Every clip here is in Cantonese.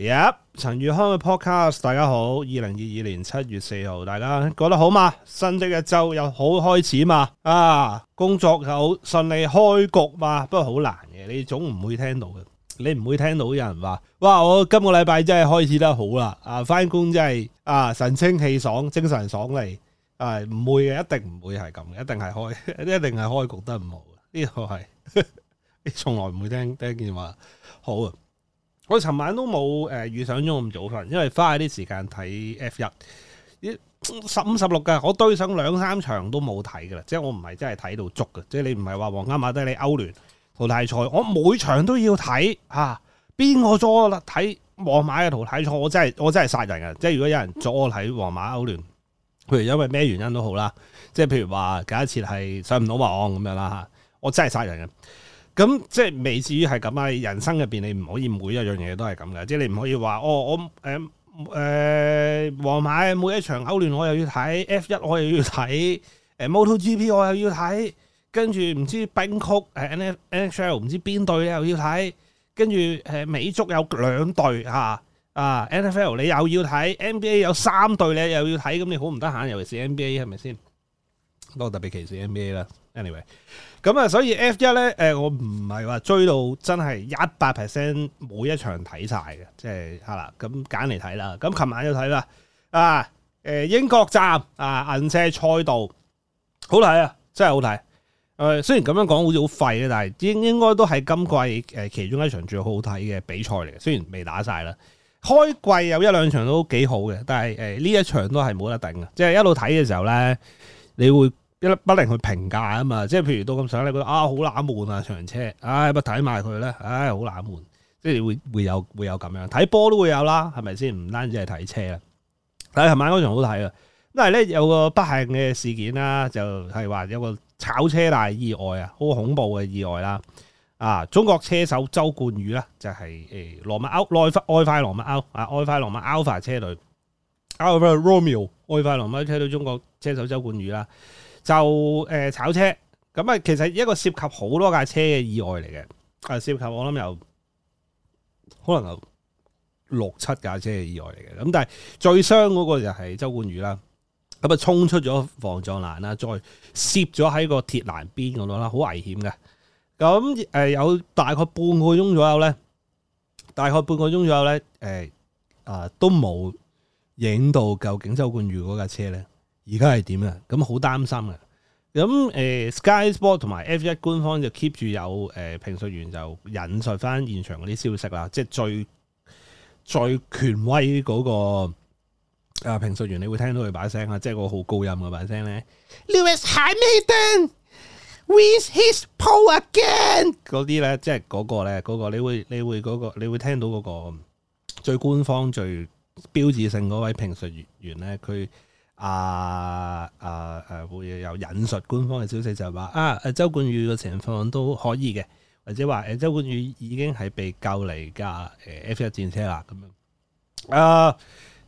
Yep，陳宇康嘅 podcast，大家好，二零二二年七月四號，大家覺得好嘛？新的一周有好開始嘛？啊，工作有順利開局嘛？不過好難嘅，你總唔會聽到嘅，你唔會聽到有人話，哇！我今個禮拜真係開始得好啦，啊，翻工真係啊，神清氣爽，精神爽利，啊，唔會嘅，一定唔會係咁嘅，一定係開，一定係開局得唔好嘅，呢個係你從來唔會聽聽見話好啊。我尋晚都冇誒，預想中咁早瞓，因為花啲時間睇 F 一，十五十六嘅我對上兩三場都冇睇噶啦，即係我唔係真係睇到足噶，即係你唔係話皇家馬德里、歐聯淘汰賽，我每場都要睇吓，邊個阻我睇皇馬嘅淘汰賽，我真係我真係殺人噶，即係如果有人阻我睇皇馬歐聯，譬如因為咩原因都好啦，即係譬如話假設係上唔到網咁樣啦吓，我真係殺人嘅。咁即係未至於係咁啊！人生入面，你唔可以每一樣嘢都係咁嘅，即係你唔可以話哦，我誒誒皇馬每一場歐聯我又要睇 F1，我又要睇、呃、MotoGP 我又要睇，跟住唔知冰曲誒 NHL 唔知邊隊你又要睇，跟住誒美足有兩隊啊 NFL 你又要睇 NBA 有三隊你又要睇，咁你好唔得閒尤其是 NBA 係咪先？都特別歧視 NBA 啦，anyway，咁啊，所以 F1 咧，誒，我唔係話追到真係一百 percent 每一場睇晒嘅，即係嚇啦，咁揀嚟睇啦。咁琴晚就睇啦，啊，英國站啊銀石賽道，好睇啊，真係好睇。誒，雖然咁樣講好似好廢啊，但係應該都係今季其中一場最好睇嘅比賽嚟嘅。雖然未打晒啦，開季有一兩場都幾好嘅，但係呢一場都係冇得頂嘅，即係一路睇嘅時候咧，你會。一不能去評價啊嘛，即係譬如到咁上你覺得啊好冷悶啊場車，唉，不睇埋佢咧？唉，好冷悶，即係會會有會有咁樣睇波都會有啦，係咪先？唔單止係睇車啦。但係琴晚嗰場好睇啊，因為咧有個不幸嘅事件啦，就係話有個炒車大意外啊，好恐怖嘅意外啦。啊，中國車手周冠宇啦，就係誒羅密歐愛快快羅密歐啊，外外外阿尼阿尼外外愛快羅密 Alfa 車隊 Alfa Romeo，愛快羅馬車隊中國車手周冠宇啦。啊就誒炒車咁啊，其實一個涉及好多架車嘅意外嚟嘅，啊涉及我諗有可能有六七架車嘅意外嚟嘅，咁但係最傷嗰個就係周冠宇啦，咁啊衝出咗防撞欄啦，再攝咗喺個鐵欄邊咁樣啦，好危險嘅。咁誒有大概半個鐘左右咧，大概半個鐘左右咧，誒、呃、啊都冇影到究竟周冠宇嗰架車咧。而家係點呀？咁好擔心呀。咁誒、欸、，Sky Sport 同埋 F1 官方就 keep 住有誒評、呃、述員就引述返現場嗰啲消息啦。即係最最權威嗰，那個誒評、啊、述員，你會聽到佢把聲啊，即、就、係、是、個好高音嘅把聲咧。Lewis Hamilton with his pole again。嗰啲咧，即係嗰個咧，嗰，那個你會你會嗰，那個你會聽到嗰個最官方最標誌性嗰位評述員咧，佢。啊啊誒會有引述官方嘅消息，就係話啊誒周冠宇嘅情況都可以嘅，或者話誒周冠宇已經係被救嚟架誒 F1 戰車啦，咁樣啊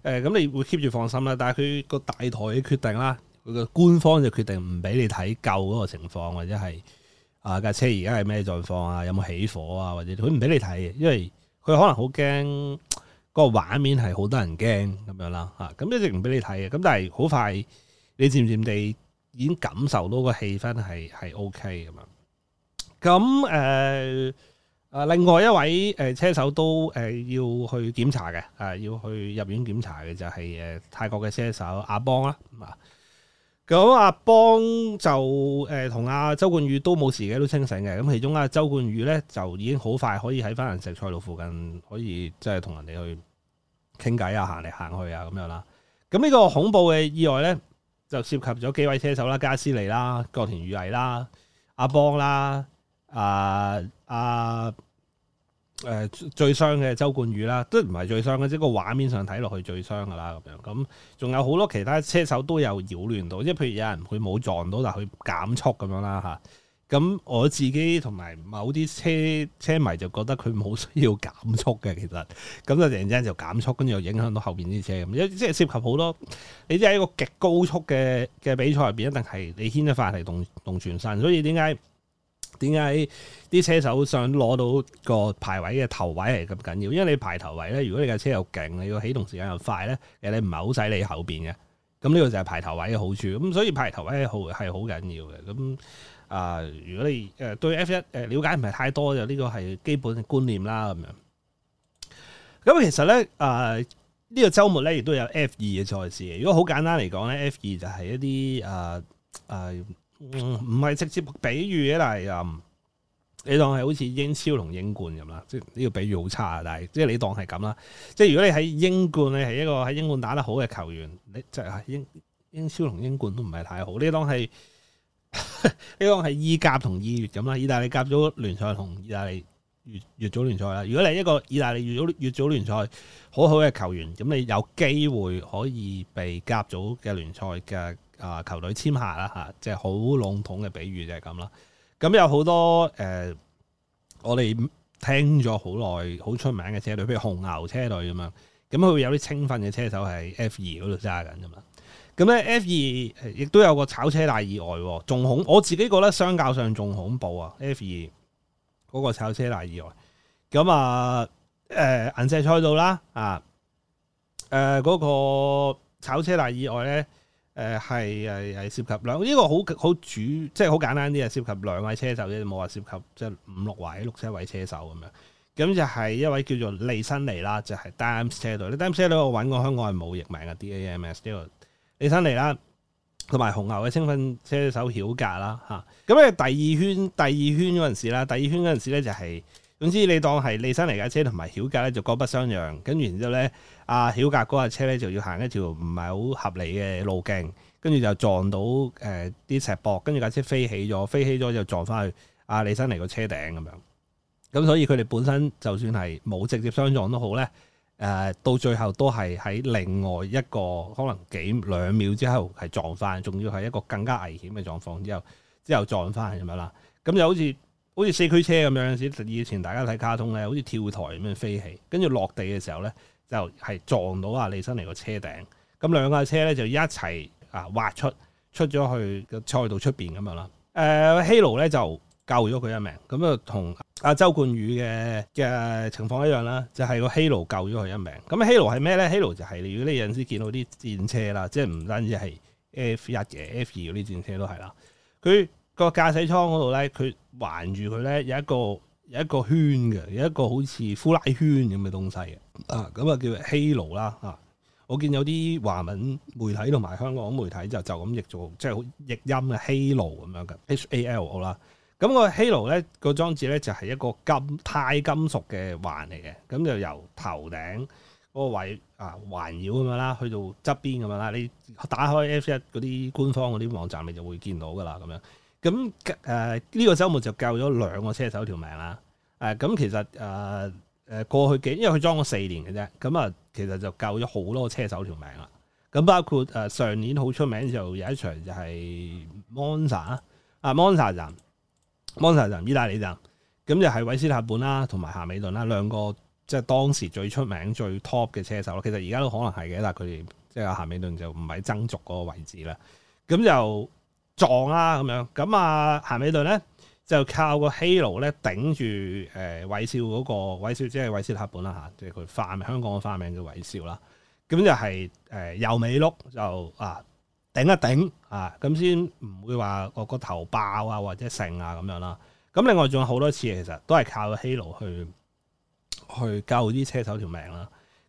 誒，咁你會 keep 住放心啦，但係佢個大台嘅決定啦，佢個官方就決定唔俾你睇救嗰個情況，或者係啊架車而家係咩狀況啊，有冇起火啊，或者佢唔俾你睇，因為佢可能好驚。個畫面係好多人驚咁樣啦，嚇咁一直唔俾你睇嘅，咁但係好快你漸漸地已經感受到個氣氛係係 OK 咁樣。咁誒誒，另外一位誒車手都誒、呃、要去檢查嘅，啊、呃、要去入院檢查嘅就係、係、誒、呃、泰國嘅車手阿邦啦，啊。咁阿邦就誒同阿周冠宇都冇事嘅，都清醒嘅。咁其中阿、啊、周冠宇咧就已經好快可以喺返銀石賽道附近，可以即係同人哋去傾偈啊，行嚟行去啊咁樣啦。咁呢個恐怖嘅意外咧，就涉及咗幾位車手啦，加斯利啦、角田裕毅啦、阿邦啦、啊啊。啊誒最傷嘅周冠宇啦，都唔係最傷嘅，即係個畫面上睇落去最傷噶啦咁樣。咁仲有好多其他車手都有擾亂到，即係譬如有人佢冇撞到，但係佢減速咁樣啦嚇。咁我自己同埋某啲車車迷就覺得佢冇需要減速嘅，其實咁就突然之間就減速，跟住又影響到後邊啲車咁，即係涉及好多。你知係一個極高速嘅嘅比賽入邊，一定係你牽一髮係動動全身，所以點解？點解啲車手想攞到個排位嘅頭位係咁緊要？因為你排頭位咧，如果你架車又勁，你要起動時間又快咧，誒，你唔係好使你後邊嘅。咁呢個就係排頭位嘅好處。咁所以排頭位好係好緊要嘅。咁、呃、啊，如果你誒對 F 一誒了解唔係太多，就、這、呢個係基本嘅觀念啦。咁樣。咁其實咧，誒、呃、呢、這個週末咧亦都有 F 二嘅賽事。如果好簡單嚟講咧，F 二就係一啲誒誒。呃呃唔唔係直接比喻嘅，但係、嗯、你當係好似英超同英冠咁啦，即係呢個比喻好差啊！但係即係你當係咁啦，即係如果你喺英冠你係一個喺英冠打得好嘅球員，你即係英英超同英冠都唔係太好。你當係呢 當係意甲同意乙咁啦，意大利甲組聯賽同意大利乙乙組聯賽啦。如果你係一個意大利乙組乙組聯賽好好嘅球員，咁你有機會可以被甲組嘅聯賽嘅。啊！球隊簽下啦，嚇，即係好籠統嘅比喻就係咁啦。咁有好多誒、呃，我哋聽咗好耐，好出名嘅車隊，譬如紅牛車隊咁樣。咁佢會有啲青訓嘅車手喺 F 二嗰度揸緊啫嘛。咁咧 F 二亦都有個炒車大意外，仲恐我自己覺得相較上仲恐怖啊！F 二嗰個炒車大意外，咁啊誒、啊、銀石賽道啦啊誒嗰、啊那個炒車大意外咧。誒係係係涉及兩，呢個好好主即係好簡單啲啊！涉及兩位，這個就是、及兩位車手啫，冇話涉及即係五六位六七位車手咁樣。咁就係一位叫做利申尼啦，就係、是、DAMS 車隊。呢 DAMS 車隊我揾過，香港係冇譯名嘅 DAMS。呢個李新嚟啦，同埋紅牛嘅青訓車手曉格啦嚇。咁咧第二圈第二圈嗰陣時啦，第二圈嗰陣時咧就係、是。總之你當係李生嚟架車同埋曉格咧就各不相讓，跟住然之後咧，阿曉格嗰架車咧就要行一條唔係好合理嘅路徑，跟住就撞到誒啲石膊，跟住架車飛起咗，飛起咗就撞翻去阿李生嚟個車頂咁樣。咁所以佢哋本身就算係冇直接相撞都好咧，誒到最後都係喺另外一個可能幾兩秒之後係撞翻，仲要係一個更加危險嘅狀況之後之後撞翻咁樣啦。咁就好似。好似四驅車咁樣，陣時以前大家睇卡通咧，好似跳台咁樣飛起，跟住落地嘅時候咧，就係、是、撞到阿李新嚟個車頂，咁兩架車咧就一齊啊滑出，出咗去個賽道出邊咁樣啦。誒、呃，希羅咧就救咗佢一命，咁啊同阿周冠宇嘅嘅情況一樣啦，就係個希羅救咗佢一命。咁希羅係咩咧？希羅就係、是、如果你有陣時見到啲戰車啦，即係唔單止係 F 一嘅，F 二嗰啲戰車都係啦，佢。個駕駛艙嗰度咧，佢環住佢咧有一個有一個圈嘅，有一個好似呼拉圈咁嘅東西嘅。啊，咁啊叫 Halo 啦。我見有啲華文媒體同埋香港媒體就就咁譯做即係、就是、譯音嘅 Halo 咁樣嘅。H A L 好啦。咁個 Halo 咧個裝置咧就係一個金太金屬嘅環嚟嘅。咁就由頭頂嗰個位啊環繞咁樣啦，去到側邊咁樣啦。你打開 F 一嗰啲官方嗰啲網站，你就會見到㗎啦。咁咁誒呢個週末就救咗兩個車手條命啦！誒、呃、咁其實誒誒、呃、過去幾，因為佢裝咗四年嘅啫，咁啊其實就救咗好多個車手條命啦！咁包括誒、呃、上年好出名就有一場就係 Monza 啊 Monza 站 Monza 站，站意大利站。咁就係維斯塔本啦，同埋夏美頓啦兩個即係、就是、當時最出名最 top 嘅車手咯。其實而家都可能係嘅，但佢哋即係夏美頓就唔係爭逐嗰個位置啦。咁就。撞啦咁樣，咁啊，咸美頓咧就靠個 Halo 咧頂住誒韋少嗰、那個韋少，即係韋斯塔本啦吓、啊，即係佢翻香港嘅花名叫韋少啦。咁就係誒右尾碌就啊頂一頂啊，咁先唔會話個個頭爆啊或者剩啊咁樣啦。咁另外仲有好多次其實都係靠 Halo 去去救啲車手條命啦、啊。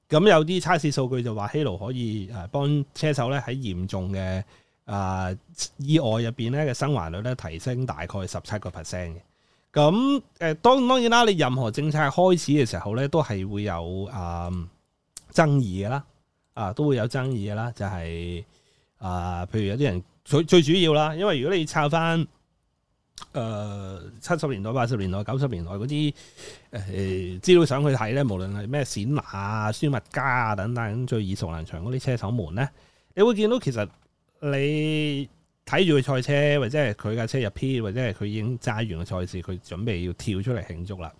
咁有啲測試數據就話 Halo 可以誒幫、啊、車手咧喺嚴重嘅。啊！意外入邊咧嘅生還率咧提升大概十七個 percent 嘅。咁誒、呃，當然當然啦，你任何政策開始嘅時候咧，都係會有啊、呃、爭議嘅啦。啊，都會有爭議嘅啦。就係、是、啊，譬如有啲人最最主要啦，因為如果你抄翻誒七十年代、八十年代、九十年代嗰啲誒資料上去睇咧，無論係咩冼拿啊、舒麥加啊等等，最耳熟能詳嗰啲車手們咧，你會見到其實。你睇住佢賽車，或者係佢架車入 P，或者係佢已經揸完個賽事，佢準備要跳出嚟慶祝啦。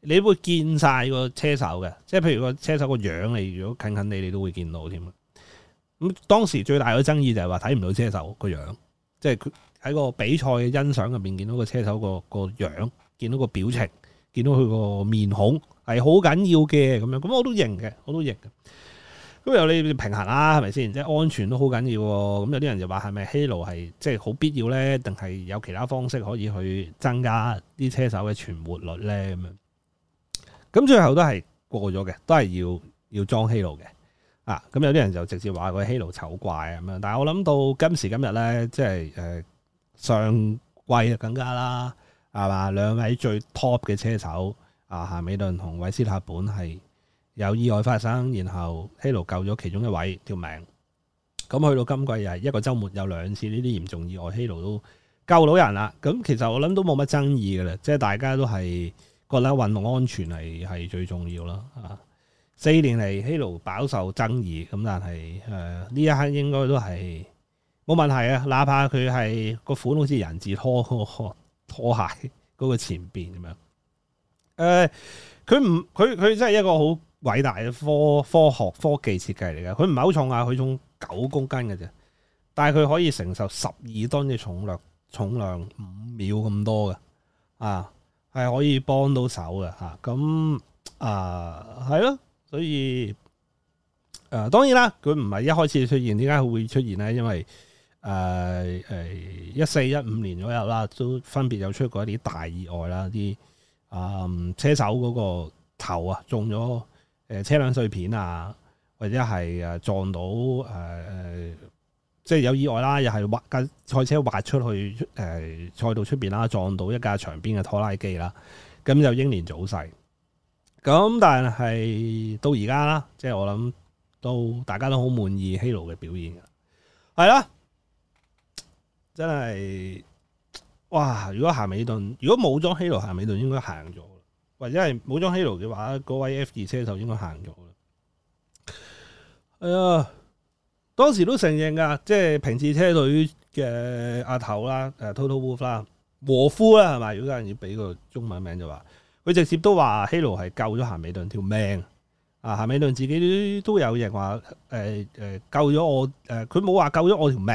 你會見晒個車手嘅，即係譬如個車手個樣，你如果近近你，你都會見到添。咁當時最大嘅爭議就係話睇唔到車手個樣，即係佢喺個比賽嘅欣賞入面見到個車手個個樣，見到個表情，見到佢個面孔係好緊要嘅。咁樣咁我都認嘅，我都認嘅。咁有你平衡啦，係咪先？即係安全都好緊要。咁有啲人就話係咪 Halo 係即係好必要呢？定係有其他方式可以去增加啲車手嘅存活率呢？咁樣咁最後都係過咗嘅，都係要要裝 Halo 嘅。啊，咁有啲人就直接話佢 Halo 醜怪咁樣。但係我諗到今時今日呢，即係誒上季就更加啦，係嘛兩位最 top 嘅車手啊，夏美頓同韋斯塔本係。有意外發生，然後 Halo 救咗其中一位條命。咁去到今季又係一個週末有兩次呢啲嚴重意外，Halo 都救到人啦。咁其實我諗都冇乜爭議嘅啦，即係大家都係覺得運動安全係係最重要啦。啊，四年嚟 Halo 飽受爭議，咁但係誒呢一刻應該都係冇問題啊。哪怕佢係個款好似人字拖拖鞋嗰個前邊咁樣，誒佢唔佢佢真係一個好，偉大嘅科科學科技設計嚟嘅，佢唔係好重啊，佢重九公斤嘅啫，但係佢可以承受十二噸嘅重量，重量五秒咁多嘅，啊，係可以幫到手嘅吓，咁啊係咯、啊，所以誒、啊、當然啦，佢唔係一開始出現，點解會出現咧？因為誒誒一四一五年左右啦，都分別有出過一啲大意外啦，啲啊車手嗰個頭啊中咗。誒，車輛碎片啊，或者係誒撞到誒誒，即、呃、係、就是、有意外啦，又係滑架賽車滑出去誒賽道出邊啦，撞到一架場邊嘅拖拉機啦，咁就英年早逝。咁但係到而家啦，即、就、係、是、我諗，都大家都好滿意希羅嘅表現係係啦，真係哇！如果夏美頓，如果冇裝希羅，夏美頓應該行咗。或者係冇咗 Halo 嘅話，嗰位 F 二車手應該行咗啦。係啊，當時都承認噶，即係平治車隊嘅阿頭啦，誒、啊、Toto Wolff 啦，和夫啦，係咪？如果有人要俾個中文名就話，佢直接都話 Halo 係救咗夏美頓條命。啊，夏美頓自己都有人話，誒、欸、誒，救咗我，誒、欸，佢冇話救咗我條命，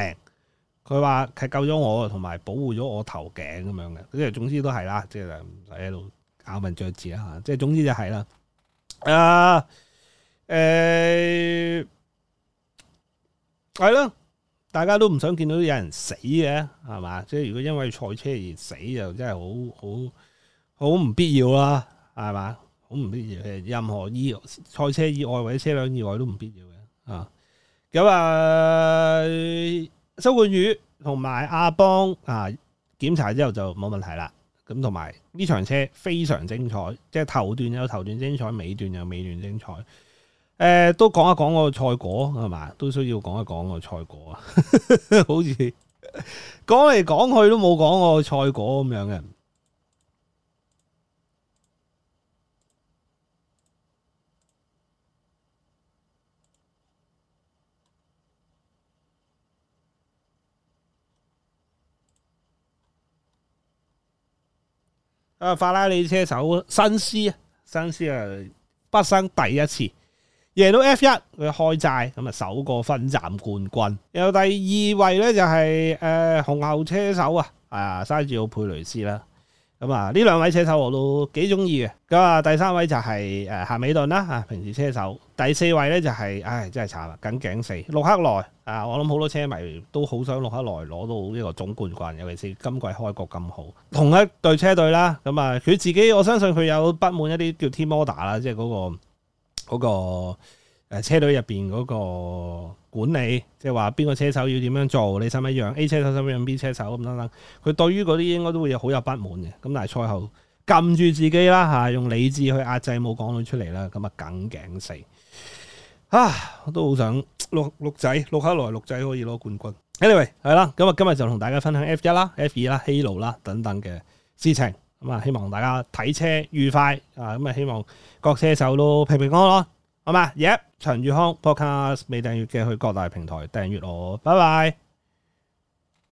佢話係救咗我，同埋保護咗我的頭頸咁樣嘅。即係總之都係啦，即、就、係、是咬文嚼字啦吓，即係總之就係、是、啦，啊，誒，係咯，大家都唔想見到有人死嘅，係嘛？即係如果因為賽車而死，就真係好好好唔必要啦，係嘛？好唔必要，任何意賽車意外或者車輛意外都唔必要嘅啊。咁啊，蘇冠宇同埋阿邦啊，檢查之後就冇問題啦。咁同埋呢場車非常精彩，即係頭段有頭段精彩，尾段有尾段精彩。誒、呃，都講一講個賽果係嘛，都需要講一講個賽果啊， 好似講嚟講去都冇講個賽果咁樣嘅。啊，法拉利車手辛斯，新斯啊，畢生第一次贏到 F1 佢開齋。咁啊，首個分站冠軍，然後第二位咧就係、是、誒、呃、紅牛車手啊，啊，塞治奧佩雷斯啦。咁啊，呢兩位車手我都幾中意嘅。咁啊，第三位就係誒夏美頓啦，平時車手。第四位咧就係、是，唉，真係慘啦，緊頸四。洛克萊啊，我諗好多車迷都好想洛克萊攞到呢個總冠軍，尤其是今季開局咁好，同一隊車隊啦。咁啊，佢自己我相信佢有不滿一啲叫 Team Order 啦，即係嗰個嗰個誒車隊入面嗰個。那個管理即係話邊個車手要點樣做，你使唔使讓 A 車手使唔使讓 B 車手咁等等，佢對於嗰啲應該都會有好有不滿嘅。咁但係賽後撳住自己啦吓、啊，用理智去壓制講，冇講到出嚟啦。咁啊梗頸死啊，我都好想六六仔六克羅六仔可以攞冠軍。Anyway 係啦，咁啊今日就同大家分享 F 一啦、F 二啦、Halo 啦等等嘅事情。咁啊希望大家睇車愉快啊，咁啊希望各車手都平平安安。好嘛，Yep, 陳宇康 Podcast 未訂閱嘅，去各大平台訂閱我。拜拜。